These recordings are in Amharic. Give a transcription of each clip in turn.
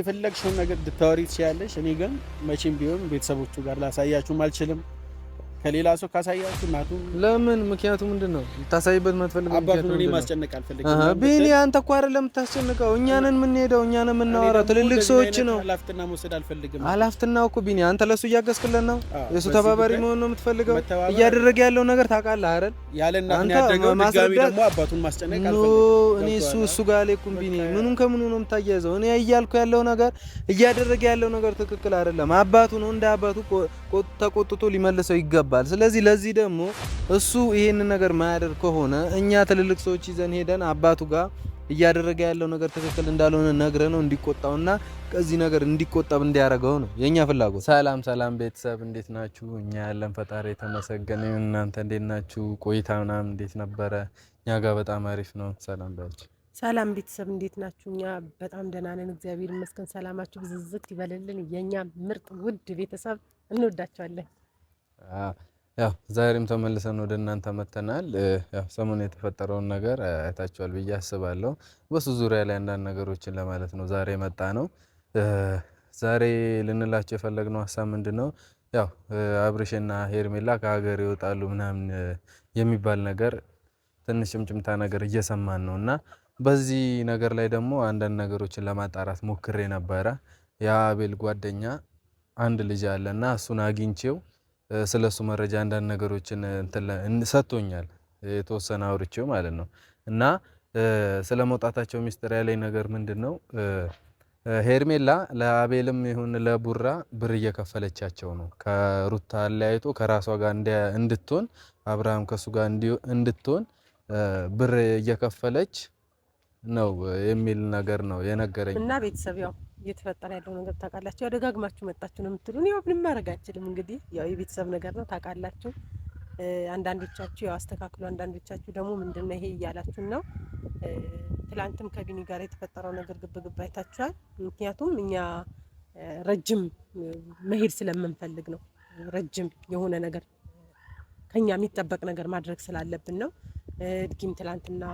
የፈለግሽውን ነገር እንድታወሪ ትችያለሽ። እኔ ግን መቼም ቢሆን ቤተሰቦቹ ጋር ላሳያችሁም አልችልም። ከሌላ ሰው ካሳያችሁ እናቱ ለምን? ምክንያቱ ምንድን ነው ልታሳይበት የማትፈልገው? አባቱ ነው ማስጨነቅ አልፈልግም። ቢኒ አንተ እኮ አይደለም የምታስጨንቀው፣ እኛንን የምንሄደው እኛንን የምናወራው ትልልቅ ሰዎች ነው። አላፍትና መውሰድ አልፈልግም። አላፍትና እኮ ቢኒ አንተ ለሱ እያገዝክለት ነው። የሱ ተባባሪ መሆን ነው የምትፈልገው። እያደረገ ያለው ነገር ታውቃለህ አይደል? ያለና ያደረገው ድጋሚ ደግሞ አባቱን ማስጨነቅ አልፈልግም። እኔ እሱ እሱ ጋር አልሄድኩም ቢኒ። ምኑን ከምኑ ነው የምታያይዘው? እኔ እያልኩ ያለው ነገር እያደረገ ያለው ነገር ትክክል አይደለም። አባቱ ነው እንደ አባቱ ተቆጥቶ ሊመልሰው ይገባል። ስለዚህ ለዚህ ደግሞ እሱ ይህንን ነገር ማያደርግ ከሆነ እኛ ትልልቅ ሰዎች ይዘን ሄደን አባቱ ጋር እያደረገ ያለው ነገር ትክክል እንዳልሆነ ነግረ ነው እንዲቆጣውና ከዚህ ነገር እንዲቆጠብ እንዲያደርገው ነው የኛ ፍላጎት። ሰላም ሰላም ቤተሰብ እንዴት ናችሁ? እኛ ያለን ፈጣሪ የተመሰገነ ይሁን። እናንተ እንዴት ናችሁ? ቆይታ ምናምን እንዴት ነበረ? እኛ ጋር በጣም አሪፍ ነው። ሰላም ባችሁ። ሰላም ቤተሰብ እንዴት ናችሁ? እኛ በጣም ደህና ነን፣ እግዚአብሔር ይመስገን። ሰላማችሁ ብዝዝት ይበልልን የኛ ምርጥ ውድ ቤተሰብ እንወዳቸዋለን። ያው ዛሬም ተመልሰን ወደ እናንተ መተናል። ያው ሰሞኑን የተፈጠረውን ነገር አይታችኋል ብዬ አስባለሁ። በሱ ዙሪያ ላይ አንዳንድ ነገሮችን ለማለት ነው ዛሬ መጣ ነው። ዛሬ ልንላቸው የፈለግነው ሀሳብ ምንድን ነው? ያው አብርሽና ሄርሜላ ከሀገር ይወጣሉ ምናምን የሚባል ነገር ትንሽ ጭምጭምታ ነገር እየሰማን ነው እና በዚህ ነገር ላይ ደግሞ አንዳንድ ነገሮችን ለማጣራት ሞክሬ ነበረ። የአቤል ጓደኛ አንድ ልጅ አለ እና እሱን አግኝቼው ስለ እሱ መረጃ አንዳንድ ነገሮችን ሰጥቶኛል። የተወሰነ አውርቼው ማለት ነው እና ስለ መውጣታቸው ሚስጥር ያለኝ ነገር ምንድን ነው? ሄርሜላ ለአቤልም ይሁን ለቡራ ብር እየከፈለቻቸው ነው። ከሩታ አለያይቶ ከራሷ ጋር እንድትሆን አብርሃም ከሱ ጋር እንድትሆን ብር እየከፈለች ነው የሚል ነገር ነው የነገረኝ እና ቤተሰብ ያው እየተፈጠረ ያለው ነገር ታውቃላችሁ። ያው ደጋግማችሁ መጣችሁ ነው የምትሉን። ያው ምንም ማድረግ አይችልም እንግዲህ ያው የቤተሰብ ነገር ነው ታውቃላችሁ። አንዳንዶቻችሁ ያው አስተካክሉ፣ አንዳንዶቻችሁ ደግሞ ምንድን ነው ይሄ እያላችሁን ነው። ትላንትም ከቢኒ ጋር የተፈጠረው ነገር ግብግብ አይታችኋል። ምክንያቱም እኛ ረጅም መሄድ ስለምንፈልግ ነው። ረጅም የሆነ ነገር ከኛ የሚጠበቅ ነገር ማድረግ ስላለብን ነው። እድጊም ትላንትና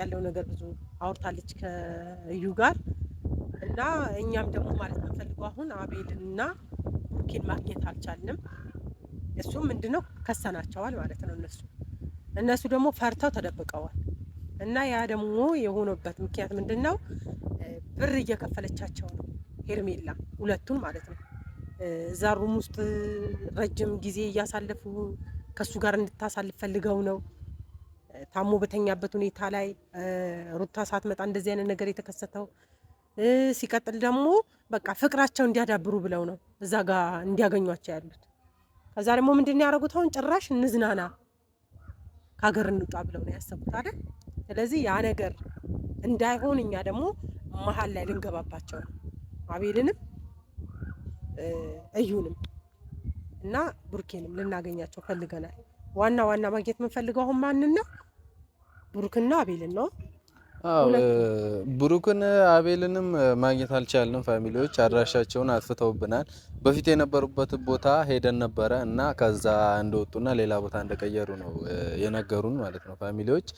ያለው ነገር ብዙ አውርታለች ከእዩ ጋር እና እኛም ደግሞ ማለት የምንፈልገው አሁን እና ቡርኪን ማግኘት አልቻልንም። እሱም ምንድነው ከሰናቸዋል ማለት ነው። እነሱ እነሱ ደግሞ ፈርተው ተደብቀዋል። እና ያ ደግሞ የሆነበት ምክንያት ምንድን ነው? ብር እየከፈለቻቸው ነው ሄርሜላ፣ ሁለቱን ማለት ነው። እዛ ሩም ውስጥ ረጅም ጊዜ እያሳለፉ ከእሱ ጋር እንድታሳልፍ ፈልገው ነው። ታሞ በተኛበት ሁኔታ ላይ ሩታ ሳትመጣ እንደዚህ አይነት ነገር የተከሰተው ሲቀጥል ደግሞ በቃ ፍቅራቸው እንዲያዳብሩ ብለው ነው እዛ ጋ እንዲያገኟቸው ያሉት። ከዛ ደግሞ ምንድን ያደረጉት አሁን ጭራሽ እንዝናና ከሀገር እንውጣ ብለው ነው ያሰቡት አይደል? ስለዚህ ያ ነገር እንዳይሆን እኛ ደግሞ መሀል ላይ ልንገባባቸው ነው አቤልንም እዩንም እና ብሩኬንም ልናገኛቸው ፈልገናል። ዋና ዋና ማግኘት የምንፈልገው አሁን ማንን ነው? ብሩክና አቤልን ነው። ብሩክን አቤልንም ማግኘት አልቻልንም። ፋሚሊዎች አድራሻቸውን አጥፍተውብናል። በፊት የነበሩበት ቦታ ሄደን ነበረ እና ከዛ እንደወጡና ሌላ ቦታ እንደቀየሩ ነው የነገሩን ማለት ነው ፋሚሊዎች።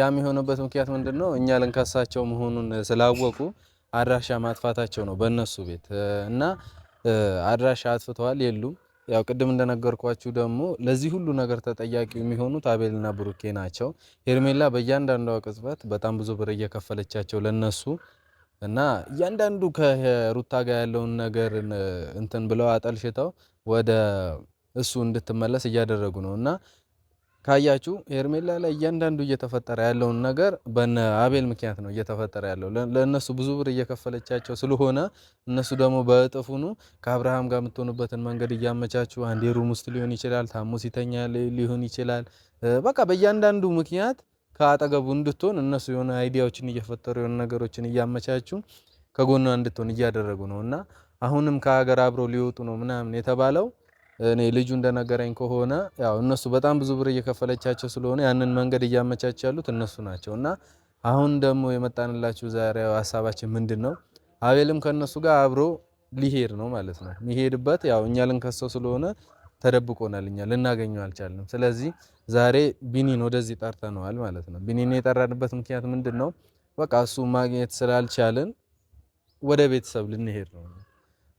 ያም የሆነበት ምክንያት ምንድን ነው? እኛ ልንከሳቸው መሆኑን ስላወቁ አድራሻ ማጥፋታቸው ነው በእነሱ ቤት እና አድራሻ አጥፍተዋል የሉም ያው ቅድም እንደነገርኳችሁ ደግሞ ለዚህ ሁሉ ነገር ተጠያቂ የሚሆኑት አቤልና ብሩኬ ናቸው። ሄርሜላ በእያንዳንዷ ቅጽበት በጣም ብዙ ብር እየከፈለቻቸው ለነሱ እና እያንዳንዱ ከሩታ ጋር ያለውን ነገር እንትን ብለው አጠልሽተው ወደ እሱ እንድትመለስ እያደረጉ ነው እና ካያችሁ ሄርሜላ ላይ እያንዳንዱ እየተፈጠረ ያለውን ነገር በነ አቤል ምክንያት ነው እየተፈጠረ ያለው። ለእነሱ ብዙ ብር እየከፈለቻቸው ስለሆነ እነሱ ደግሞ በእጥፉኑ ከአብርሃም ጋር የምትሆኑበትን መንገድ እያመቻችሁ፣ አንዴ ሩም ውስጥ ሊሆን ይችላል፣ ታሙስ ሲተኛ ሊሆን ይችላል። በቃ በእያንዳንዱ ምክንያት ከአጠገቡ እንድትሆን እነሱ የሆነ አይዲያዎችን እየፈጠሩ የሆነ ነገሮችን እያመቻችሁ ከጎኗ እንድትሆን እያደረጉ ነው እና አሁንም ከሀገር አብረው ሊወጡ ነው ምናምን የተባለው እኔ ልጁ እንደነገረኝ ከሆነ ያው እነሱ በጣም ብዙ ብር እየከፈለቻቸው ስለሆነ ያንን መንገድ እያመቻች ያሉት እነሱ ናቸው እና አሁን ደግሞ የመጣንላችሁ ዛሬ ሀሳባችን ምንድን ነው? አቤልም ከነሱ ጋር አብሮ ሊሄድ ነው ማለት ነው። የሚሄድበት ያው እኛ ልንከሰው ስለሆነ ተደብቆናል፣ እኛ ልናገኘው አልቻልንም። ስለዚህ ዛሬ ቢኒን ወደዚህ ጠርተነዋል ማለት ነው። ቢኒን የጠራንበት ምክንያት ምንድን ነው? በቃ እሱ ማግኘት ስላልቻልን ወደ ቤተሰብ ልንሄድ ነው።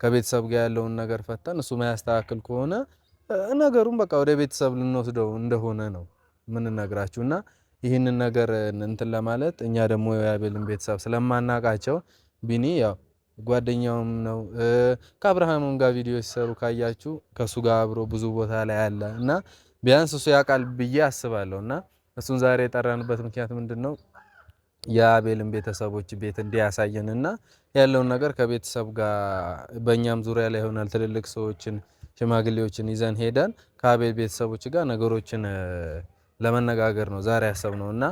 ከቤተሰብ ጋር ያለውን ነገር ፈተን እሱ ማያስተካክል ከሆነ ነገሩን በቃ ወደ ቤተሰብ ልንወስደው እንደሆነ ነው የምንነግራችሁ እና ይህንን ነገር እንትን ለማለት እኛ ደግሞ የአቤልን ቤተሰብ ስለማናቃቸው ቢኒ ያው ጓደኛውም ነው ከአብርሃምም ጋር ቪዲዮ ሲሰሩ ካያችሁ ከእሱ ጋር አብሮ ብዙ ቦታ ላይ አለ እና ቢያንስ እሱ ያውቃል ብዬ አስባለሁ እና እሱን ዛሬ የጠራንበት ምክንያት ምንድን ነው? የአቤልን ቤተሰቦች ቤት እንዲያሳየንና ያለውን ነገር ከቤተሰብ ጋር በእኛም ዙሪያ ላይ ይሆናል ትልልቅ ሰዎችን ሽማግሌዎችን ይዘን ሄደን ከአቤል ቤተሰቦች ጋር ነገሮችን ለመነጋገር ነው ዛሬ ነው እና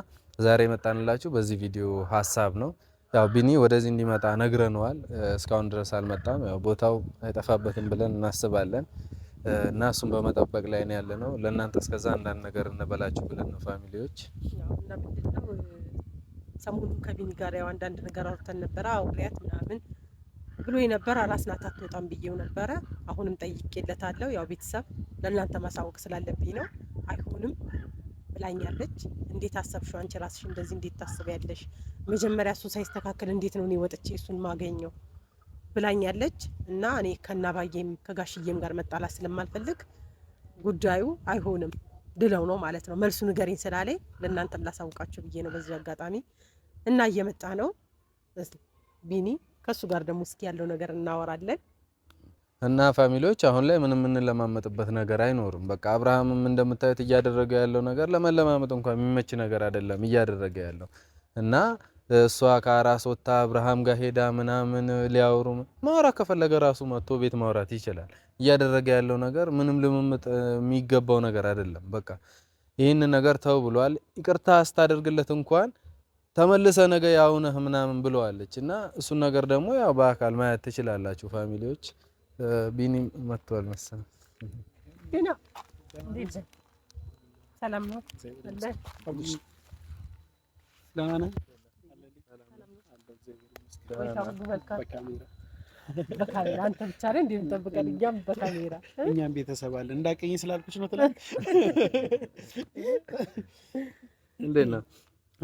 ዛሬ የመጣንላችሁ በዚህ ቪዲዮ ሀሳብ ነው። ያው ቢኒ ወደዚህ እንዲመጣ ነግረነዋል። እስካሁን ድረስ አልመጣም። ያው ቦታው አይጠፋበትም ብለን እናስባለን እና እሱን በመጠበቅ ላይ ያለ ነው። ለእናንተ እስከዛ አንዳንድ ነገር እንበላችሁ ብለን ነው ፋሚሊዎች ሰሞኑን ከቢኒ ጋር ያው አንዳንድ ነገር አውርተን ነበረ አውሪያት ምናምን ብሎ የነበረ ራስ ናት አትወጣም ብዬው ነበረ። አሁንም ጠይቄለታለሁ። ያው ቤተሰብ ለእናንተ ማሳወቅ ስላለብኝ ነው። አይሆንም ብላኛለች። እንዴት አሰብሽው አንቺ ራስሽ እንደዚህ እንዴት ታስቢያለሽ? መጀመሪያ እሱ ሳይስተካከል እንዴት ነው እኔ ወጥቼ እሱን ማገኘው ብላኛለች። እና እኔ ከናባዬም ከጋሽዬም ጋር መጣላት ስለማልፈልግ ጉዳዩ አይሆንም ድለው ነው ማለት ነው። መልሱ ንገሪኝ ስላለኝ ለእናንተም ላሳውቃቸው ብዬ ነው በዚሁ አጋጣሚ እና እየመጣ ነው ቢኒ። ከእሱ ጋር ደግሞ እስኪ ያለው ነገር እናወራለን እና ፋሚሊዎች፣ አሁን ላይ ምንም የምንለማመጥበት ነገር አይኖርም። በቃ አብርሃምም እንደምታዩት እያደረገ ያለው ነገር ለመለማመጥ እንኳን የሚመች ነገር አይደለም እያደረገ ያለው እና እሷ ከአራስ ወታ አብርሃም ጋር ሄዳ ምናምን ሊያወሩ ማውራት ከፈለገ ራሱ መጥቶ ቤት ማውራት ይችላል። እያደረገ ያለው ነገር ምንም ልምምጥ የሚገባው ነገር አይደለም። በቃ ይህን ነገር ተው ብሏል። ይቅርታ ስታደርግለት እንኳን ተመልሰ ነገ ያውነህ ምናምን ብለዋለች እና እሱን ነገር ደግሞ ያው በአካል ማየት ትችላላችሁ ፋሚሊዎች። ቢኒ መጥቷል መሰለኝ። ሰላም ነው። በካሜራ አንተ ብቻ ነህ እንዴ የምጠብቀን? እኛም በካሜራ እኛም ቤተሰብ አለ። እንዳቀኝ ስላልኩሽ ነው ትላለህ። እንዴት ነው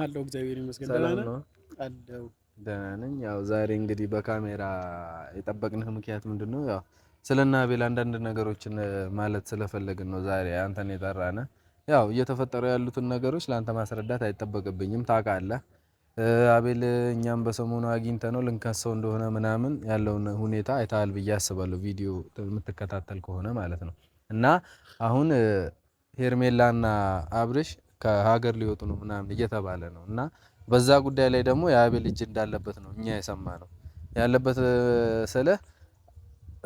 አለው? እግዚአብሔር ይመስገን ደህና ነህ አለው። ደህና ነኝ። ያው ዛሬ እንግዲህ በካሜራ የጠበቅንህ ምክንያት ምንድን ነው? ያው ስለና ቤላ አንዳንድ ነገሮችን ማለት ስለፈለግን ነው ዛሬ አንተን የጠራነህ። ያው እየተፈጠሩ ያሉትን ነገሮች ለአንተ ማስረዳት አይጠበቅብኝም ታውቃለህ። አቤል እኛም በሰሞኑ ነው ልንከሰው እንደሆነ ምናምን ያለውን ሁኔታ አይተሃል ብዬ አስባለሁ። ቪዲዮ የምትከታተል ከሆነ ማለት ነው። እና አሁን ሄርሜላና አብርሽ ከሀገር ሊወጡ ነው ምናምን እየተባለ ነው። እና በዛ ጉዳይ ላይ ደግሞ የአቤል እጅ እንዳለበት ነው እኛ የሰማ ነው ያለበት ስለ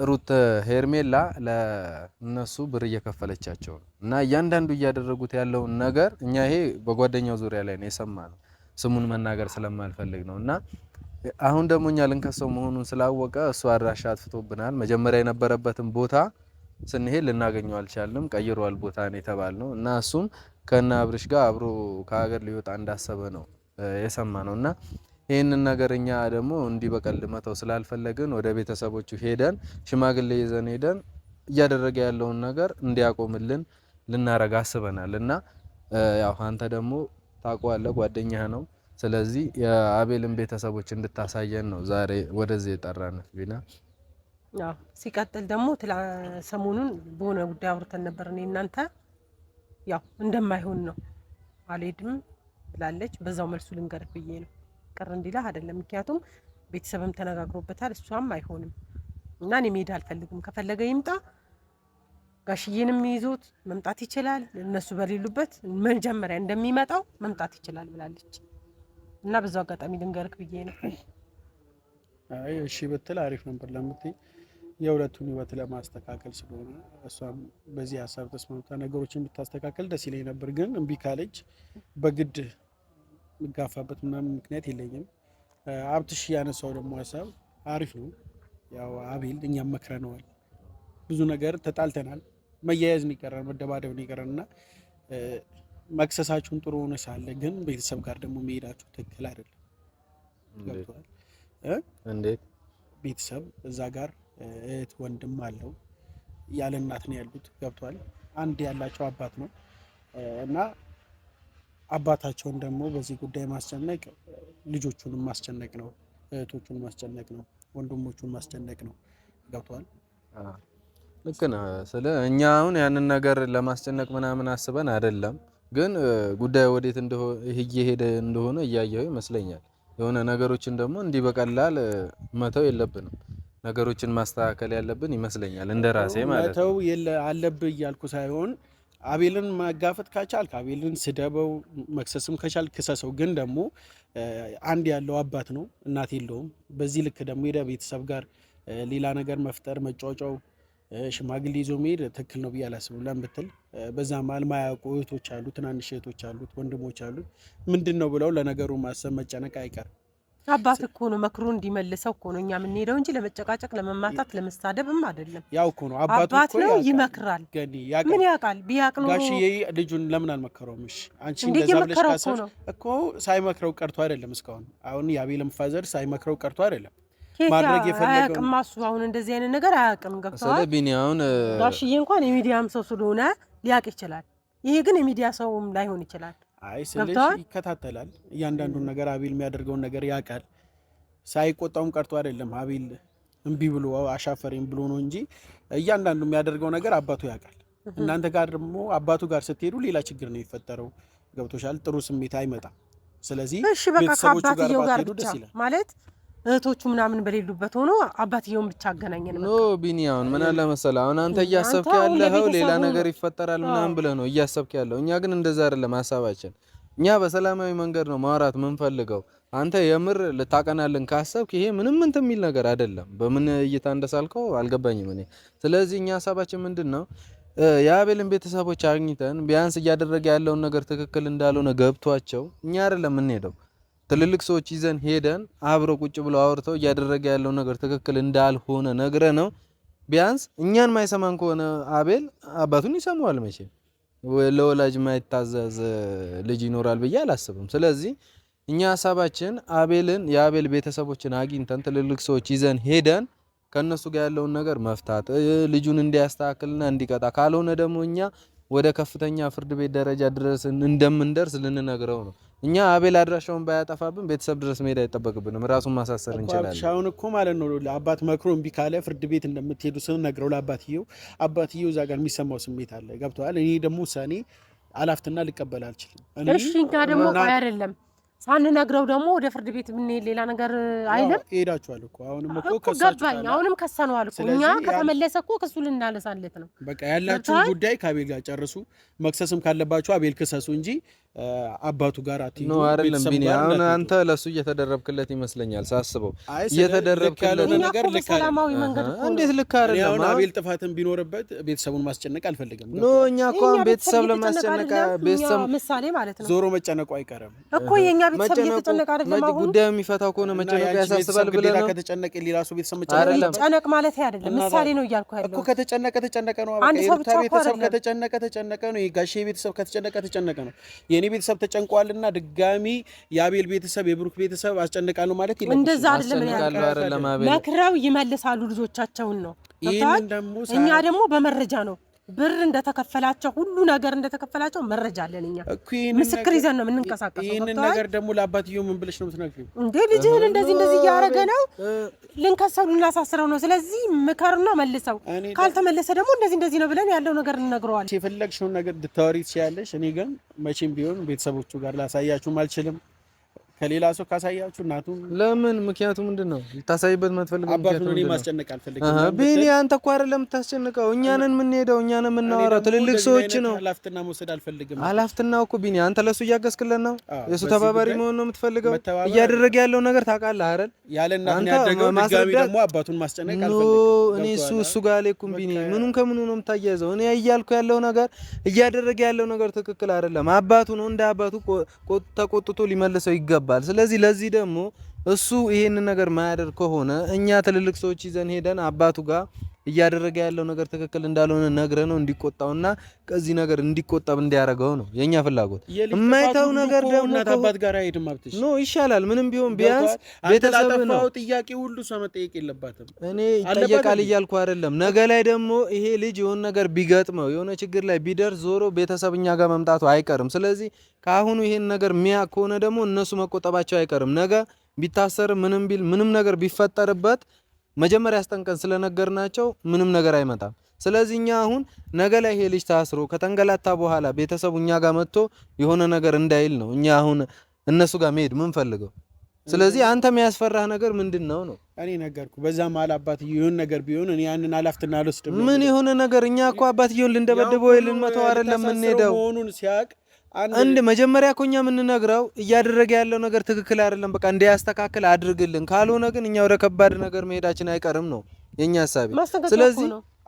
ሩት ሄርሜላ ለነሱ ብር እየከፈለቻቸው ነው። እና እያንዳንዱ እያደረጉት ያለውን ነገር እኛ ይሄ በጓደኛው ዙሪያ ላይ ነው የሰማ ነው ስሙን መናገር ስለማልፈልግ ነው እና አሁን ደግሞ እኛ ልንከሰው መሆኑን ስላወቀ እሱ አድራሻ አጥፍቶብናል። መጀመሪያ የነበረበትን ቦታ ስንሄድ ልናገኘው አልቻልንም። ቀይሯል ቦታ ነው እና እሱም ከነ አብርሽ ጋር አብሮ ከሀገር ሊወጣ እንዳሰበ ነው የሰማ ነው እና ይህንን ነገር እኛ ደግሞ እንዲህ በቀል መተው ስላልፈለግን ወደ ቤተሰቦቹ ሄደን ሽማግሌ ይዘን ሄደን እያደረገ ያለውን ነገር እንዲያቆምልን ልናረግ አስበናል እና ያው አንተ ደግሞ ታውቀዋለህ፣ ጓደኛህ ነው። ስለዚህ የአቤልን ቤተሰቦች እንድታሳየን ነው ዛሬ ወደዚህ የጠራን ቢና። ሲቀጥል ደግሞ ሰሞኑን በሆነ ጉዳይ አውርተን ነበር እኔ እናንተ ያው እንደማይሆን ነው አልሄድም ብላለች። በዛው መልሱ ልንገርህ ብዬ ነው ቅር እንዲላህ አይደለም። ምክንያቱም ቤተሰብም ተነጋግሮበታል እሷም አይሆንም እና እኔ መሄድ አልፈልግም ከፈለገ ይምጣ ጋሽዬንም ይዞት መምጣት ይችላል። እነሱ በሌሉበት መጀመሪያ እንደሚመጣው መምጣት ይችላል ብላለች እና በዛው አጋጣሚ ልንገርክ ብዬ ነው። አይ እሺ ብትል አሪፍ ነበር። ለምትይ የሁለቱን ህይወት ለማስተካከል ስለሆነ እሷም በዚህ ሀሳብ ተስማምታ ነገሮችን ብታስተካከል ደስ ይለኝ ነበር፣ ግን እምቢ ካለች በግድ የምጋፋበት ምናምን ምክንያት የለኝም። አብትሽ ያነሳው ደግሞ ሀሳብ አሪፍ ነው። ያው አቤል እኛም መክረነዋል ብዙ ነገር ተጣልተናል። መያያዝ ይቀራል፣ መደባደብ ይቀራል እና መክሰሳችሁን ጥሩ ሆነ ሳለ ግን ቤተሰብ ጋር ደግሞ መሄዳችሁ ትክክል አይደለም። እንዴት ቤተሰብ እዛ ጋር እህት ወንድም አለው ያለ እናት ነው ያሉት። ገብቷል። አንድ ያላቸው አባት ነው እና አባታቸውን ደግሞ በዚህ ጉዳይ ማስጨነቅ ልጆቹንም ማስጨነቅ ነው፣ እህቶቹን ማስጨነቅ ነው፣ ወንድሞቹን ማስጨነቅ ነው። ገብቷል። ልክ ነህ። ስለ እኛ አሁን ያንን ነገር ለማስጨነቅ ምናምን አስበን አይደለም፣ ግን ጉዳዩ ወዴት እየሄደ እንደሆነ እያየው ይመስለኛል። የሆነ ነገሮችን ደግሞ እንዲህ በቀላል መተው የለብንም። ነገሮችን ማስተካከል ያለብን ይመስለኛል። እንደ ራሴ ማለት መተው አለብህ እያልኩ ሳይሆን አቤልን መጋፈጥ ከቻልክ አቤልን ስደበው፣ መክሰስም ከቻልክ ክሰሰው። ግን ደግሞ አንድ ያለው አባት ነው፣ እናት የለውም። በዚህ ልክ ደግሞ ሄደህ ቤተሰብ ጋር ሌላ ነገር መፍጠር መጫወጫው ሽማግሌ ይዞ መሄድ ትክክል ነው ብዬ አላስብም። ለምን ብትል በዛ መሀል ማያውቁ እህቶች አሉ፣ ትናንሽ እህቶች አሉት፣ ወንድሞች አሉት። ምንድን ነው ብለው ለነገሩ ማሰብ መጨነቅ አይቀርም። አባት እኮ ነው መክሮ እንዲመልሰው እኮ ነው እኛ የምንሄደው እንጂ ለመጨቃጨቅ፣ ለመማታት፣ ለመሳደብም አይደለም። ያው እኮ ነው አባት ነው ይመክራል። ምን ያውቃል? ቢያቅ ነው ጋሽዬ ልጁን ለምን አልመከረውም? እሺ አንቺ እንደዛ ብለሽ ካሰብሽ እኮ ሳይመክረው ቀርቶ አይደለም እስካሁን። አሁን የአቤልም ፋዘር ሳይመክረው ቀርቶ አይደለም ማድረግ የፈለገው ማሱ አሁን እንደዚህ አይነት ነገር አያውቅም። ገብተዋል አሁን ጋሽዬ እንኳን የሚዲያም ሰው ስለሆነ ሊያውቅ ይችላል። ይሄ ግን የሚዲያ ሰውም ላይሆን ይችላል። አይ ይከታተላል፣ እያንዳንዱን ነገር አቤል የሚያደርገውን ነገር ያውቃል። ሳይቆጣውም ቀርቶ አይደለም አቤል እምቢ ብሎ አሻፈሬም ብሎ ነው እንጂ እያንዳንዱ የሚያደርገው ነገር አባቱ ያውቃል። እናንተ ጋር ደግሞ አባቱ ጋር ስትሄዱ ሌላ ችግር ነው የሚፈጠረው። ገብቶሻል? ጥሩ ስሜት አይመጣም። ስለዚህ ቤተሰቦቹ ጋር ባትሄዱ ደስ ይላል ማለት እህቶቹ ምናምን በሌሉበት ሆኖ አባትየውን ብቻ አገናኘን። ኖ ቢኒ፣ አሁን ምን አለ መሰለህ፣ አሁን አንተ እያሰብክ ያለኸው ሌላ ነገር ይፈጠራል ምናምን ብለህ ነው እያሰብክ ያለው። እኛ ግን እንደዛ አይደለም ሀሳባችን። እኛ በሰላማዊ መንገድ ነው ማውራት የምንፈልገው። አንተ የምር ልታቀናልን ካሰብክ ይሄ ምንም እንትን የሚል ነገር አይደለም። በምን እይታ እንደሳልከው አልገባኝም እኔ። ስለዚህ እኛ ሀሳባችን ምንድን ነው የአቤልን ቤተሰቦች አግኝተን ቢያንስ እያደረገ ያለውን ነገር ትክክል እንዳልሆነ ገብቷቸው እኛ አይደለም የምንሄደው ትልልቅ ሰዎች ይዘን ሄደን አብረው ቁጭ ብለው አውርተው እያደረገ ያለው ነገር ትክክል እንዳልሆነ ነግረ ነው። ቢያንስ እኛን ማይሰማን ከሆነ አቤል አባቱን ይሰማዋል። መቼም ለወላጅ ማይታዘዝ ልጅ ይኖራል ብዬ አላስብም። ስለዚህ እኛ ሀሳባችን አቤልን የአቤል ቤተሰቦችን አግኝተን ትልልቅ ሰዎች ይዘን ሄደን ከእነሱ ጋር ያለውን ነገር መፍታት ልጁን እንዲያስተካክልና እንዲቀጣ ካልሆነ ደግሞ እኛ ወደ ከፍተኛ ፍርድ ቤት ደረጃ ድረስ እንደምንደርስ ልንነግረው ነው። እኛ አቤል አድራሻውን ባያጠፋብን ቤተሰብ ድረስ መሄድ አይጠበቅብንም። ራሱን ማሳሰር እንችላለን። አሁን እኮ ማለት ነው አባት መክሮ እምቢ ካለ ፍርድ ቤት እንደምትሄዱ ስን ነግረው ለአባትየው አባትየው እዛ ጋር የሚሰማው ስሜት አለ። ገብተዋል። እኔ ደግሞ ውሳኔ አላፍትና ልቀበል አልችልም። እሺ እኛ ደግሞ አይደለም ሳንነግረው ደግሞ ወደ ፍርድ ቤት የምንሄድ ሌላ ነገር አይልም። ሄዳችኋል እኮ አሁንም እኮ ገባኝ። አሁንም ከሰነዋል እኮ እኛ ከተመለሰ እኮ ክሱ ልናነሳለት ነው። በቃ ያላችሁን ጉዳይ ከአቤል ጋር ጨርሱ። መክሰስም ካለባችሁ አቤል ክሰሱ እንጂ አባቱ ጋር ነው አይደለም? ቢኒ አሁን አንተ ለሱ እየተደረብክለት ይመስለኛል ሳስበው፣ እየተደረብክለት ነገር መንገድ ልክ እንዴት ልክ አይደለም። አቤል ጥፋትን ቢኖርበት ቤተሰቡን ማስጨነቅ አልፈልግም። ኖ እኛ እኮ አሁን ቤተሰብ ለማስጨነቅ ቤተሰብ ምሳሌ ማለት ነው። ዞሮ መጨነቁ አይቀርም እኮ የኛ ቤተሰብ እየተጨነቀ አይደለም። አሁን ጉዳዩ የሚፈታው ከሆነ መጨነቁ ያሳስባል ብለህ ነው ከተጨነቀ ሌላ ሰው ቤተሰብ መጨነቅ ይጨነቅ ማለት አይደለም። ምሳሌ ነው እያልኩ አይደለም እኮ ከተጨነቀ ተጨነቀ ነው። ቤተሰብ ከተጨነቀ ተጨነቀ ነው። ጋሼ ቤተሰብ ከተጨነቀ ተጨነቀ ነው። የኔ ቤተሰብ ተጨንቋልና ድጋሚ የአቤል ቤተሰብ የብሩክ ቤተሰብ አስጨንቃሉ ማለት እንደዛ አይደለም። መክረው ይመልሳሉ ልጆቻቸውን ነው። እኛ ደግሞ በመረጃ ነው ብር እንደተከፈላቸው ሁሉ ነገር እንደተከፈላቸው መረጃ አለን። እኛ ምስክር ይዘን ነው የምንንቀሳቀሰው። ይህንን ነገር ደግሞ ለአባትየው ምን ብለሽ ነው የምትነግሪው? እንዴ ልጅህን እንደዚህ እንደዚህ እያደረገ ነው፣ ልንከሰው ልናሳስረው ነው። ስለዚህ ምከርና መልሰው፣ ካልተመለሰ ደግሞ እንደዚህ እንደዚህ ነው ብለን ያለው ነገር እንነግረዋለን። የፈለግሽውን ነገር እንድታወሪ ትችያለሽ። እኔ ግን መቼም ቢሆን ቤተሰቦቹ ጋር ላሳያችሁም አልችልም። ከሌላ ሰው ካሳያችሁ እናቱ ለምን? ምክንያቱ ምንድን ነው? ልታሳይበት የማትፈልገው አባቱን እኔ ማስጨነቅ አልፈልግም። ቢኒ አንተ እኮ አይደለም የምታስጨንቀው፣ እኛንን የምንሄደው እኛንን የምናወራው ትልልቅ ሰዎች ነው። አላፍትና መውሰድ አልፈልግም። አላፍትና እኮ ቢኒ አንተ ለሱ እያገዝክለት ነው። የሱ ተባባሪ መሆን ነው የምትፈልገው። እያደረገ ያለው ነገር ታውቃለህ አይደል? ያለ እናት ያደገው ድጋሚ ደግሞ አባቱን ማስጨነቅ አልፈልግም። እኔ እሱ እሱ ጋር አልሄድኩም ቢኒ። ምኑን ከምኑ ነው የምታያይዘው? እኔ እያልኩ ያለው ነገር እያደረገ ያለው ነገር ትክክል አይደለም። አባቱ ነው እንደ አባቱ ተቆጥቶ ሊመልሰው ይገባል። ይገባል። ስለዚህ ለዚህ ደግሞ እሱ ይሄንን ነገር ማያደርግ ከሆነ እኛ ትልልቅ ሰዎች ይዘን ሄደን አባቱ ጋር እያደረገ ያለው ነገር ትክክል እንዳልሆነ ነግረ ነው እንዲቆጣውና ከዚህ ነገር እንዲቆጠብ እንዲያደርገው ነው የኛ ፍላጎት። የማይታው ነገር ደግሞ እናት አባት ጋር አይሄድም። አብትሽ ኖ ይሻላል። ምንም ቢሆን ቢያንስ ቤተሰብ ነው። ጥያቄ ሁሉ እሷ መጠየቅ የለባትም። እኔ ይጠየቃል እያልኩ አይደለም። ነገ ላይ ደግሞ ይሄ ልጅ የሆነ ነገር ቢገጥመው የሆነ ችግር ላይ ቢደርስ ዞሮ ቤተሰብ እኛ ጋር መምጣቱ አይቀርም። ስለዚህ ከአሁኑ ይሄን ነገር ሚያ ከሆነ ደግሞ እነሱ መቆጠባቸው አይቀርም። ነገ ቢታሰር ምንም ቢል ምንም ነገር ቢፈጠርበት መጀመሪያ አስጠንቀን ስለነገርናቸው ምንም ነገር አይመጣም። ስለዚህ እኛ አሁን ነገ ላይ ይሄ ልጅ ታስሮ ከተንገላታ በኋላ ቤተሰቡ እኛ ጋር መጥቶ የሆነ ነገር እንዳይል ነው እኛ አሁን እነሱ ጋር መሄድ ምን ፈልገው። ስለዚህ አንተ የሚያስፈራህ ነገር ምንድን ነው ነው? እኔ ነገርኩ። በዛ መሀል አባትዬው የሆነ ነገር ቢሆን እኔ ያንን አላፍትና አልወስድም። ምን የሆነ ነገር እኛ እኮ አባትዬውን ልንደበድበው ወይ ልንመተው አይደለም የምንሄደው መሆኑን ሲያውቅ አንድ መጀመሪያ ኮኛ እኛ የምንነግረው እያደረገ ያለው ነገር ትክክል አይደለም፣ በቃ እንዲያስተካክል አድርግልን፣ ካልሆነ ግን እኛ ወደ ከባድ ነገር መሄዳችን አይቀርም ነው የኛ ሀሳቤ። ስለዚህ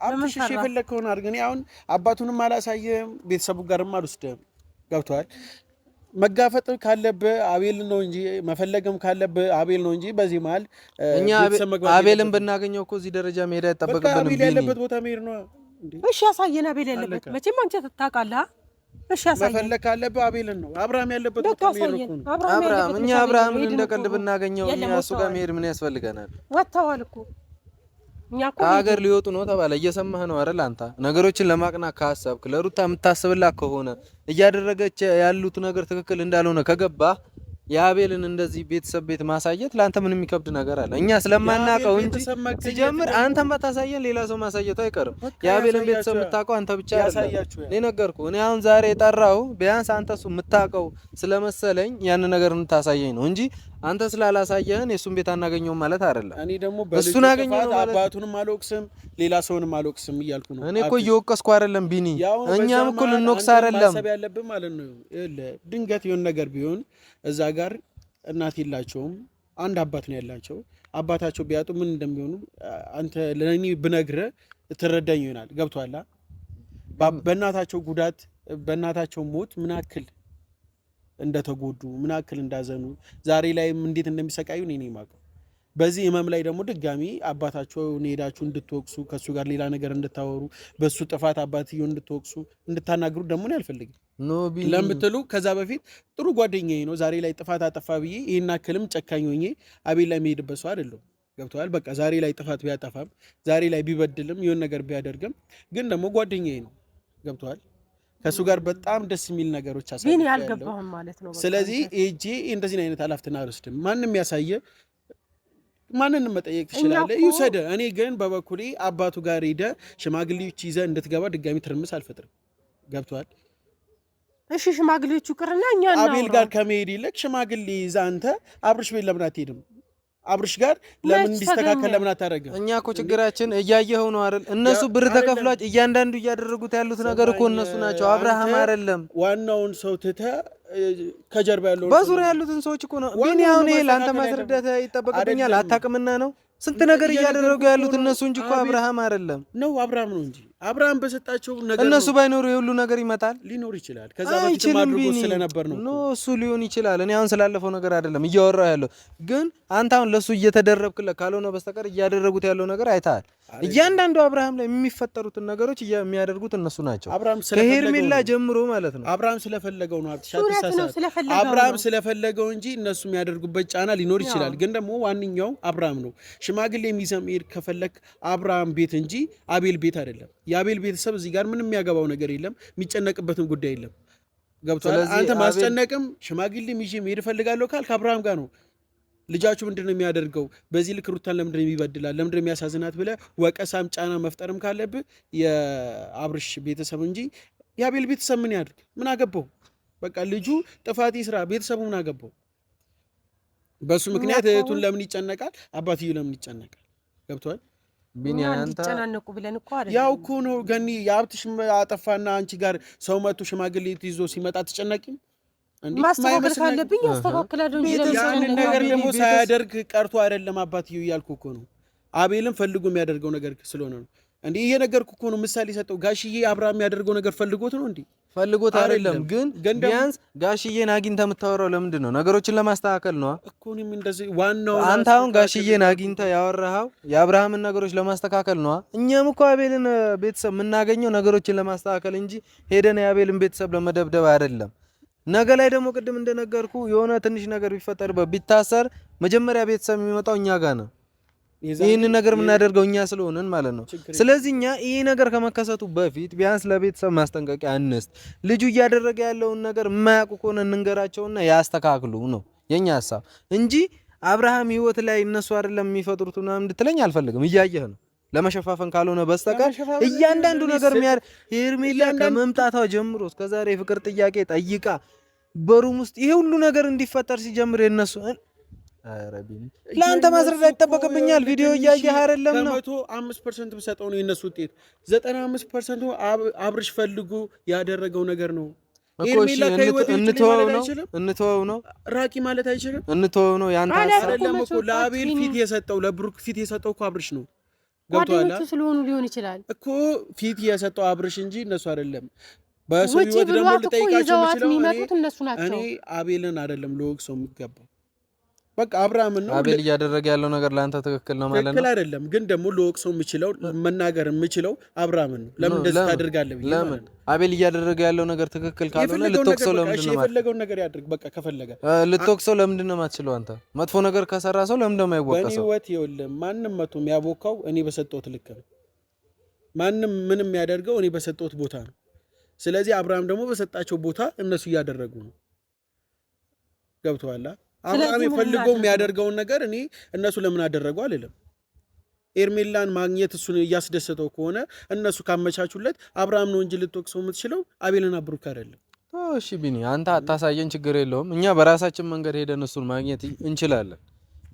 አምሽሽ የፈለግከውን አድርግ። እኔ አሁን አባቱንም አላሳየም፣ ቤተሰቡ ጋርም አልወስደም። ገብተዋል። መጋፈጥ ካለብህ አቤል ነው እንጂ መፈለግም ካለብህ አቤል ነው እንጂ በዚህ መሀል እኛ አቤልን ብናገኘው እኮ እዚህ ደረጃ መሄድ አይጠበቅብንም። ያለበት ቦታ መሄድ ነው። እሺ፣ ያሳየን አቤል ያለበት መቼም አንቺ ታውቃለህ እሺ አሳየን። መፈለግ ካለብህ አቤልን ነው። አብርሃም ያለበት አብርሃም እኛ አብርሃምን እንደ ቀልድ ብናገኘው እኛ እሱ ጋር መሄድ ምን ያስፈልገናል? ወጥተዋል እኮ እኛ እኮ ከሀገር ሊወጡ ነው ተባለ። እየሰማህ ነው አይደል? አንተ ነገሮችን ለማቅናት ካሰብክ፣ ለሩታ የምታስብላት ከሆነ እያደረገች ያሉት ነገር ትክክል እንዳልሆነ ከገባህ የአቤልን እንደዚህ ቤተሰብ ቤት ማሳየት ለአንተ ምን የሚከብድ ነገር አለ? እኛ ስለማናውቀው እንጂ ሲጀምር አንተን ባታሳየን ሌላ ሰው ማሳየቱ አይቀርም። የአቤልን ቤተሰብ የምታውቀው አንተ ብቻ እኔ ነገርኩ። እኔ አሁን ዛሬ የጠራው ቢያንስ አንተ እሱ የምታውቀው ስለመሰለኝ ያን ነገር እንታሳየኝ ነው እንጂ አንተ ስላላሳየህን የእሱን ቤት አናገኘውም ማለት አይደለም። እኔ ደግሞ እሱን አገኘው አባቱንም አልወቅስም ሌላ ሰውንም አልወቅስም እያልኩ ነው። እኔ እኮ እየወቀስኩ አይደለም ቢኒ፣ እኛም እኮ ልንወቅስ አይደለም ያለብን ማለት ነው። ድንገት የሆነ ነገር ቢሆን እዛ ጋር እናት የላቸውም፣ አንድ አባት ነው ያላቸው። አባታቸው ቢያጡ ምን እንደሚሆኑ አንተ ለእኔ ብነግረ ትረዳኝ ይሆናል። ገብቷላ በእናታቸው ጉዳት በእናታቸው ሞት ምን እንደተጎዱ ምን ያክል እንዳዘኑ ዛሬ ላይም እንዴት እንደሚሰቃዩ እኔ ነኝ የማውቀው። በዚህ ህመም ላይ ደግሞ ድጋሚ አባታቸውን ሄዳችሁ እንድትወቅሱ ከእሱ ጋር ሌላ ነገር እንድታወሩ በእሱ ጥፋት አባትዮ እንድትወቅሱ እንድታናግሩ ደግሞ እኔ አልፈልግም። ለምትሉ ከዛ በፊት ጥሩ ጓደኛዬ ነው ዛሬ ላይ ጥፋት አጠፋ ብዬ ይህን አክልም ጨካኝ ሆኜ አቤል ላይ የሚሄድበት ሰው አይደለሁም። ገብተዋል። በቃ ዛሬ ላይ ጥፋት ቢያጠፋም ዛሬ ላይ ቢበድልም የሆን ነገር ቢያደርግም ግን ደግሞ ጓደኛዬ ነው። ገብተዋል። ከእሱ ጋር በጣም ደስ የሚል ነገሮች ያልገባሁም ማለት ነው። ስለዚህ ሂጄ እንደዚህ አይነት ኃላፊነት አልወስድም። ማንም ያሳየ ማንንም መጠየቅ ትችላለህ፣ ይውሰደ። እኔ ግን በበኩሌ አባቱ ጋር ሄደ ሽማግሌዎች ይዘ እንድትገባ ድጋሚ ትርምስ አልፈጥርም። ገብቷል? እሺ ሽማግሌዎቹ ቅርና እኛ አቤል ጋር ከመሄድ ይልቅ ሽማግሌ ይዘህ አንተ አብርሽ ቤት ለምን አትሄድም? አብርሽ ጋር ለምን እንዲስተካከል ለምን አታደርግም? እኛ እኮ ችግራችን እያየኸው ነው አይደል? እነሱ ብር ተከፍሏቸው እያንዳንዱ እያደረጉት ያሉት ነገር እኮ እነሱ ናቸው፣ አብርሃም አይደለም። ዋናውን ሰው ትተ ከጀርባ ያለው በዙሪያ ያሉትን ሰዎች እኮ ነው። ግን አሁን ይሄ ለአንተ ማስረዳት ይጠበቅብኛል። አታውቅምና ነው ስንት ነገር እያደረጉ ያሉት እነሱ እንጂ እኮ አብርሃም አይደለም። ነው አብርሃም ነው እንጂ አብርሃም በሰጣቸው ነገር እነሱ ባይኖሩ የሁሉ ነገር ይመጣል። ሊኖር ይችላል። ከዛ በፊትም አድርጎ ስለነበር ነው። ኖ እሱ ሊሆን ይችላል። እኔ አሁን ስላለፈው ነገር አይደለም እያወራ ያለው ግን አንተ አሁን ለእሱ እየተደረብክለት ካልሆነ በስተቀር እያደረጉት ያለው ነገር አይተሃል። እያንዳንዱ አብርሃም ላይ የሚፈጠሩትን ነገሮች የሚያደርጉት እነሱ ናቸው። ከሄርሜላ ጀምሮ ማለት ነው። አብርሃም ስለፈለገው ነው አብርሃም ስለፈለገው እንጂ እነሱ የሚያደርጉበት ጫና ሊኖር ይችላል። ግን ደግሞ ዋነኛው አብርሃም ነው። ሽማግሌ የሚዛ መሄድ ከፈለክ አብርሃም ቤት እንጂ አቤል ቤት አይደለም። የአቤል ቤተሰብ እዚህ ጋር ምንም የሚያገባው ነገር የለም፣ የሚጨነቅበትም ጉዳይ የለም። ገብቶሃል? አንተ ማስጨነቅም ሽማግሌ ይዤ መሄድ እፈልጋለሁ ካልክ አብርሃም ጋር ነው ልጃችሁ ምንድን ነው የሚያደርገው? በዚህ ልክ ሩታን ለምንድን የሚበድላል? ለምንድን የሚያሳዝናት ብለ ወቀሳም ጫና መፍጠርም ካለብህ የአብርሽ ቤተሰብ እንጂ የአቤል ቤተሰብ ምን ያድርግ? ምን አገባው? በቃ ልጁ ጥፋት ይስራ፣ ቤተሰቡ ምን አገባው? በእሱ ምክንያት እህቱን ለምን ይጨነቃል? አባትዩ ለምን ይጨነቃል? ገብቷል። ቢንያንተጨናነቁ ብለን እኮ ያው እኮ ነው ገኒ የሀብትሽ አጠፋና አንቺ ጋር ሰው መቶ ሽማግሌት ይዞ ሲመጣ ትጨነቂም ማስተካከል ካለብኝ አስተካክላለሁ። ያንን ነገር ደግሞ ሳያደርግ ቀርቶ አይደለም አባትዬው እያልኩ እኮ ነው። አቤልም ፈልጎ የሚያደርገው ነገር ስለሆነ ነው። እንዲህ እየነገርኩ እኮ ነው። ምሳሌ ሰጠው። ጋሽዬ አብርሃም የሚያደርገው ነገር ፈልጎት ነው እንዲህ ፈልጎት አይደለም። ግን ቢያንስ ጋሽዬን አግኝተህ የምታወራው ለምንድን ነው? ነገሮችን ለማስተካከል ነዋ። እኮ። እኔም እንደዚህ ዋናው አንተ አሁን ጋሽዬን አግኝተህ ያወራኸው የአብርሃምን ነገሮች ለማስተካከል ነዋ። እኛም እኮ አቤልን ቤተሰብ የምናገኘው ነገሮችን ለማስተካከል እንጂ ሄደን የአቤልን ቤተሰብ ለመደብደብ አይደለም። ነገ ላይ ደግሞ ቅድም እንደነገርኩ የሆነ ትንሽ ነገር ቢፈጠርበት ቢታሰር መጀመሪያ ቤተሰብ የሚመጣው እኛ ጋር ነው። ይህን ነገር የምናደርገው እኛ ስለሆንን ማለት ነው። ስለዚህ እኛ ይህ ነገር ከመከሰቱ በፊት ቢያንስ ለቤተሰብ ማስጠንቀቂያ አንስት። ልጁ እያደረገ ያለውን ነገር የማያውቁ ከሆነ እንንገራቸውና ያስተካክሉ ነው የኛ ሀሳብ እንጂ አብርሃም ህይወት ላይ እነሱ አይደለም የሚፈጥሩት ምናምን እንድትለኝ አልፈልግም። እያየህ ነው ለመሸፋፈን ካልሆነ በስተቀር እያንዳንዱ ነገር ሄርሜላ ከመምጣቷ ጀምሮ እስከዛሬ ፍቅር ጥያቄ ጠይቃ በሩም ውስጥ ይሄ ሁሉ ነገር እንዲፈጠር ሲጀምር የነሱ ለአንተ ማስረዳ ይጠበቅብኛል። ቪዲዮ እያየ አይደለም ነው መቶ አምስት ፐርሰንት ብሰጠው ነው የነሱ ውጤት። ዘጠና አምስት ፐርሰንቱ አብርሽ ፈልጉ ያደረገው ነገር ነው። እንትወው ነው ራቂ ማለት አይችልም። እንተወው ነው ያንተ አይደለም እኮ ለአቤል ፊት የሰጠው ለብሩክ ፊት የሰጠው እኮ አብርሽ ነው። ጓደኞቹ ስለሆኑ ሊሆን ይችላል እኮ ፊት የሰጠው አብርሽ እንጂ እነሱ አይደለም። በሰው ህይወት ደግሞ ልጠይቃቸው የሚመጡት እነሱ ናቸው። እኔ አቤልን አይደለም ልወቅ ሰው የሚገባው በቃ ነው። አቤል እያደረገ ያለው ነገር ለአንተ ትክክል ነው ማለት ነው? ትክክል አይደለም፣ ግን ደግሞ ልወቅ ሰው የምችለው መናገር የምችለው ነው። ለምን እንደዚህ ታደርጋለህ? ለምን አቤል እያደረገ ያለው ነገር ትክክል ካልሆነ ልትወቅሰው ለምንድን ነው? የፈለገውን ነገር ያድርግ። በቃ ከፈለገ ልትወቅሰው ለምንድን ነው የማትችለው? አንተ መጥፎ ነገር ከሰራ ሰው በእኔ ህይወት ይኸውልህ፣ ማንም መቶ የሚያቦካው እኔ በሰጠሁት ልክ ነው። ማንም ምንም የሚያደርገው እኔ በሰጠሁት ቦታ ነው። ስለዚህ አብርሃም ደግሞ በሰጣቸው ቦታ እነሱ እያደረጉ ነው። ገብተዋላ አብርሃም የፈልገው የሚያደርገውን ነገር እኔ እነሱ ለምን አደረጉ አልልም። ኤርሜላን ማግኘት እሱን እያስደሰተው ከሆነ እነሱ ካመቻቹለት አብርሃም ነው እንጂ ልትወቅሰው የምትችለው አቤልና ብሩክ አይደለም። እሺ ቢኒ አንተ አታሳየን፣ ችግር የለውም እኛ በራሳችን መንገድ ሄደን እሱን ማግኘት እንችላለን።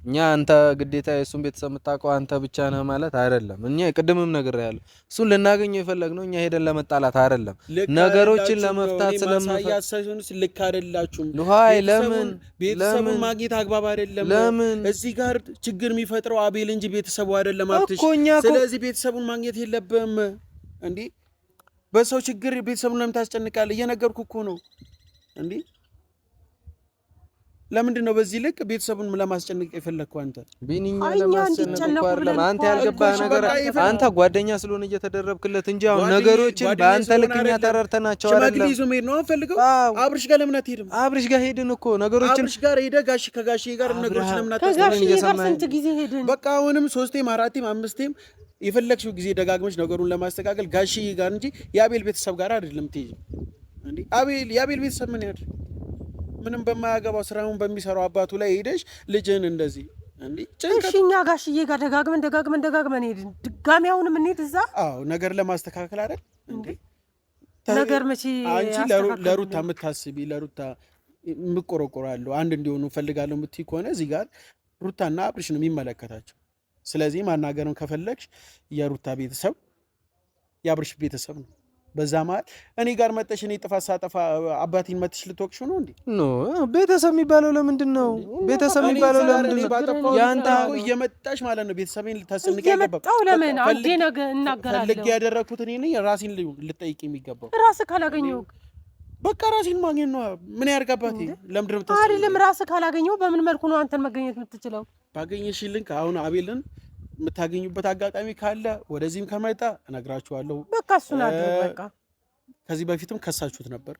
እኛ አንተ ግዴታ የእሱን ቤተሰብ የምታውቀው አንተ ብቻ ነህ ማለት አይደለም። እኛ ቅድምም ነግሬሃለሁ፣ እሱን ልናገኘው የፈለግነው እኛ ሄደን ለመጣላት አይደለም፣ ነገሮችን ለመፍታት ስለምሳያሳሆንስ ልክ አይደላችሁም። ይ ለምን ቤተሰቡን ማግኘት አግባብ አይደለም። ለምን እዚህ ጋር ችግር የሚፈጥረው አቤል እንጂ ቤተሰቡ አይደለም አትሽ። ስለዚህ ቤተሰቡን ማግኘት የለብህም እንዴ? በሰው ችግር ቤተሰቡን ለምን ታስጨንቃለህ? እየነገርኩህ እኮ ነው እንዴ ለምንድን ነው በዚህ ልክ ቤተሰቡን ለማስጨነቅ የፈለግከው? አንተ ቢኒኛ ለማስጨነቅ አንተ ያልገባህ ነገር አንተ ጓደኛ ስለሆነ እየተደረብክለት እንጂ አሁን ነገሮችን በአንተ ልክ እኛ ተረድተናቸው ሽማግሌ ይዞ መሄድ ነው ፈልገው። አብርሽ ጋር ለምን አትሄድም? አብርሽ ጋር ሄድን እኮ ነገሮችን አብርሽ ጋር ሄደህ ጋሽ ከጋሽ ጋር ነገሮችን ለምን ስንት ጊዜ ሄድን? በቃ አሁንም ሶስቴም አራቴም አምስቴም የፈለግሽው ጊዜ ደጋግመሽ ነገሩን ለማስተካከል ጋሽ ጋር እንጂ የአቤል ቤተሰብ ጋር አይደለም ትሄጂ። አቤል የአቤል ቤተሰብ ምን ያድር ምንም በማያገባው ስራውን በሚሰራው አባቱ ላይ ሄደሽ ልጅን እንደዚህ እኛ ጋሽዬ ጋር ደጋግመን ደጋግመን ደጋግመን ሄድን። ድጋሚ አሁን የምንሄድ እዛ? አዎ ነገር ለማስተካከል አይደል እንዴ? ነገር መቼ አንቺ ለሩታ የምታስቢ ለሩታ የምቆረቆራለሁ አንድ እንዲሆኑ እፈልጋለሁ የምትይ ከሆነ እዚህ ጋር ሩታና አብርሽ ነው የሚመለከታቸው። ስለዚህ ማናገርን ከፈለግሽ የሩታ ቤተሰብ የአብርሽ ቤተሰብ ነው። በዛ መሀል እኔ ጋር መጠሽ እኔ ጥፋት ሳጠፋ አባቴን መትሽ ልትወቅሽ ነው እንዴ? ኖ ቤተሰብ የሚባለው ለምንድን ነው? ቤተሰብ የሚባለው ለምንድን ነው? ያንተ እየመጣሽ ማለት ነው ቤተሰብን ልታስጨንቅ አይገባም። ለምን አንዴ ነገ እናገራለሁ ልግ ያደረግኩት እኔ ነኝ። ራሴን ልጠይቅ የሚገባው ራስ ካላገኘው በቃ ራሴን ማግኘት ነው። ምን ያርግ አባቴ ለምድር ብታ አይደለም ራስህ ካላገኘው በምን መልኩ ነው አንተን መገኘት የምትችለው? ባገኘሽልን ከአሁን አቤልን የምታገኙበት አጋጣሚ ካለ ወደዚህም ከመጣ እነግራችኋለሁ። በቃ እሱን አድርግ። በቃ ከዚህ በፊትም ከሳችሁት ነበር።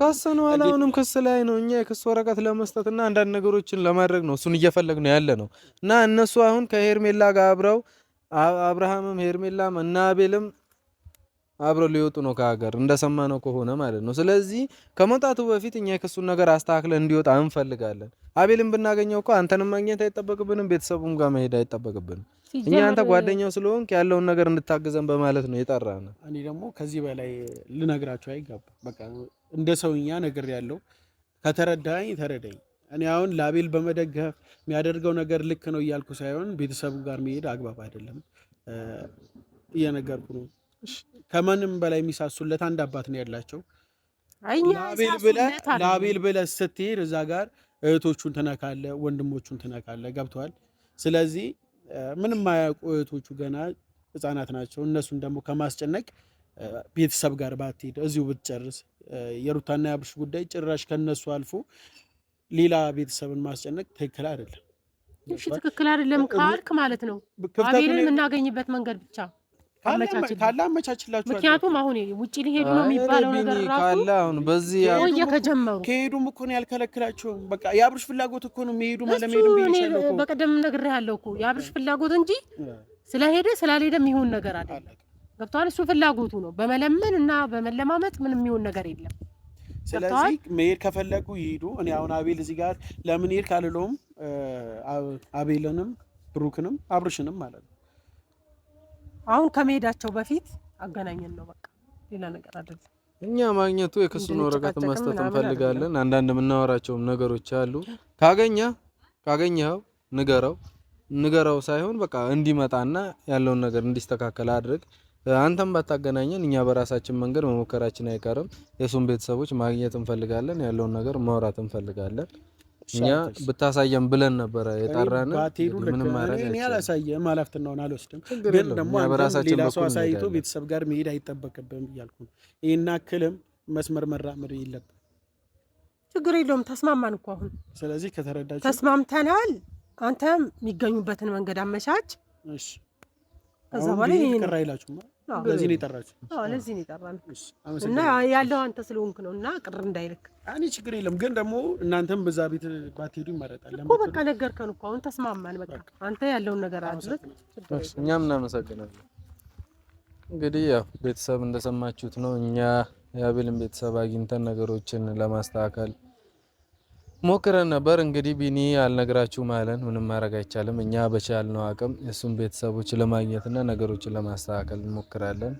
ከሰነዋል። አሁንም ክስ ላይ ነው። እኛ የክስ ወረቀት ለመስጠት እና አንዳንድ ነገሮችን ለማድረግ ነው። እሱን እየፈለግ ነው ያለ ነው እና እነሱ አሁን ከሄርሜላ ጋር አብረው አብርሃምም ሄርሜላም እና አቤልም አብረው ሊወጡ ነው ከሀገር እንደሰማነው ከሆነ ማለት ነው። ስለዚህ ከመውጣቱ በፊት እኛ የክሱን ነገር አስተካክለን እንዲወጣ እንፈልጋለን። አቤልም ብናገኘው እኮ አንተንም ማግኘት አይጠበቅብንም፣ ቤተሰቡም ጋር መሄድ አይጠበቅብንም። እኛ አንተ ጓደኛው ስለሆንክ ያለውን ነገር እንድታገዘን በማለት ነው የጠራን። እኔ ደግሞ ከዚህ በላይ ልነግራቸው አይገባ። በቃ እንደ ሰውኛ ነገር ያለው ከተረዳኝ ተረዳኝ። እኔ አሁን ላቤል በመደገፍ የሚያደርገው ነገር ልክ ነው እያልኩ ሳይሆን ቤተሰቡ ጋር መሄድ አግባብ አይደለም እየነገርኩ ነው። ከማንም በላይ የሚሳሱለት አንድ አባት ነው ያላቸው። ላቤል ብለህ ስትሄድ እዛ ጋር እህቶቹን ትነካለህ፣ ወንድሞቹን ትነካለህ። ገብተዋል። ስለዚህ ምንም ማያውቁ እህቶቹ ገና ህጻናት ናቸው። እነሱን ደግሞ ከማስጨነቅ ቤተሰብ ጋር ባትሄድ እዚሁ ብትጨርስ። የሩታና የአብርሽ ጉዳይ ጭራሽ ከነሱ አልፎ ሌላ ቤተሰብን ማስጨነቅ ትክክል አይደለም። እሺ፣ ትክክል አይደለም ካልክ ማለት ነው አቤልን የምናገኝበት መንገድ ብቻ ካላመቻችላችሁ ምክንያቱም አሁን ውጭ ሊሄዱ ነው የሚባለው ነገር ራሱ በዚህ ከጀመሩ ከሄዱም እኮ ነው በቃ የአብርሽ ፍላጎት እኮ ነው የሚሄዱ በቀደም ነግሬሃለሁ እኮ የአብርሽ ፍላጎት እንጂ ስለሄደ ስላልሄደ የሚሆን ነገር አለ። እሱ ፍላጎቱ ነው። በመለመን እና በመለማመጥ የሚሆን ነገር የለም። ስለዚህ መሄድ ከፈለጉ ይሄዱ። እኔ አሁን አቤል እዚህ ጋር ለምን አቤልንም ብሩክንም አብርሽንም ማለት ነው አሁን ከመሄዳቸው በፊት አገናኘን ነው በቃ፣ ሌላ ነገር አይደለም። እኛ ማግኘቱ የክሱን ወረቀት መስጠት እንፈልጋለን። አንዳንድ የምናወራቸውም ነገሮች አሉ። ካገኘ ካገኘኸው ንገረው ንገረው ሳይሆን በቃ እንዲመጣና ያለውን ነገር እንዲስተካከል አድርግ። አንተም ባታገናኘን እኛ በራሳችን መንገድ መሞከራችን አይቀርም። የሱን ቤተሰቦች ማግኘት እንፈልጋለን። ያለውን ነገር ማውራት እንፈልጋለን። እኛ ብታሳየም ብለን ነበረ የጠራን። ምንም አላሳየም፣ ኃላፊነቱን አልወስድም። ግን ደግሞ ሌላ ሰው አሳይቶ ቤተሰብ ጋር መሄድ አይጠበቅብም እያልኩ ነው። ይህን አክልም መስመር መራመድ የለብን። ችግር የለውም። ተስማማን እኮ አሁን። ስለዚህ ከተረዳችሁ ተስማምተናል። አንተም የሚገኙበትን መንገድ አመቻች። ከዛ በኋላ ይሄን ለዚህ ነው የጠራችሁ? አዎ ለዚህ ነው የጠራን እና ያለው አንተ ስለሆንክ ነው። እና ቅር እንዳይልክ እኔ ችግር የለም ግን ደግሞ እናንተም በዛ ቤት ባትሄዱ ይመረጣል እኮ። በቃ ነገርከን እኮ አሁን ተስማማን። በቃ አንተ ያለውን ነገር አድርግ። እኛም እናመሰግናለን። እንግዲህ ያው ቤተሰብ እንደሰማችሁት ነው። እኛ የአቤልን ቤተሰብ አግኝተን ነገሮችን ለማስተካከል ሞክረን ነበር እንግዲህ ቢኒ አልነግራችሁ ማለን ምንም ማድረግ አይቻልም። እኛ በቻልነው አቅም የእሱን ቤተሰቦች ለማግኘትና ነገሮችን ለማስተካከል እንሞክራለን።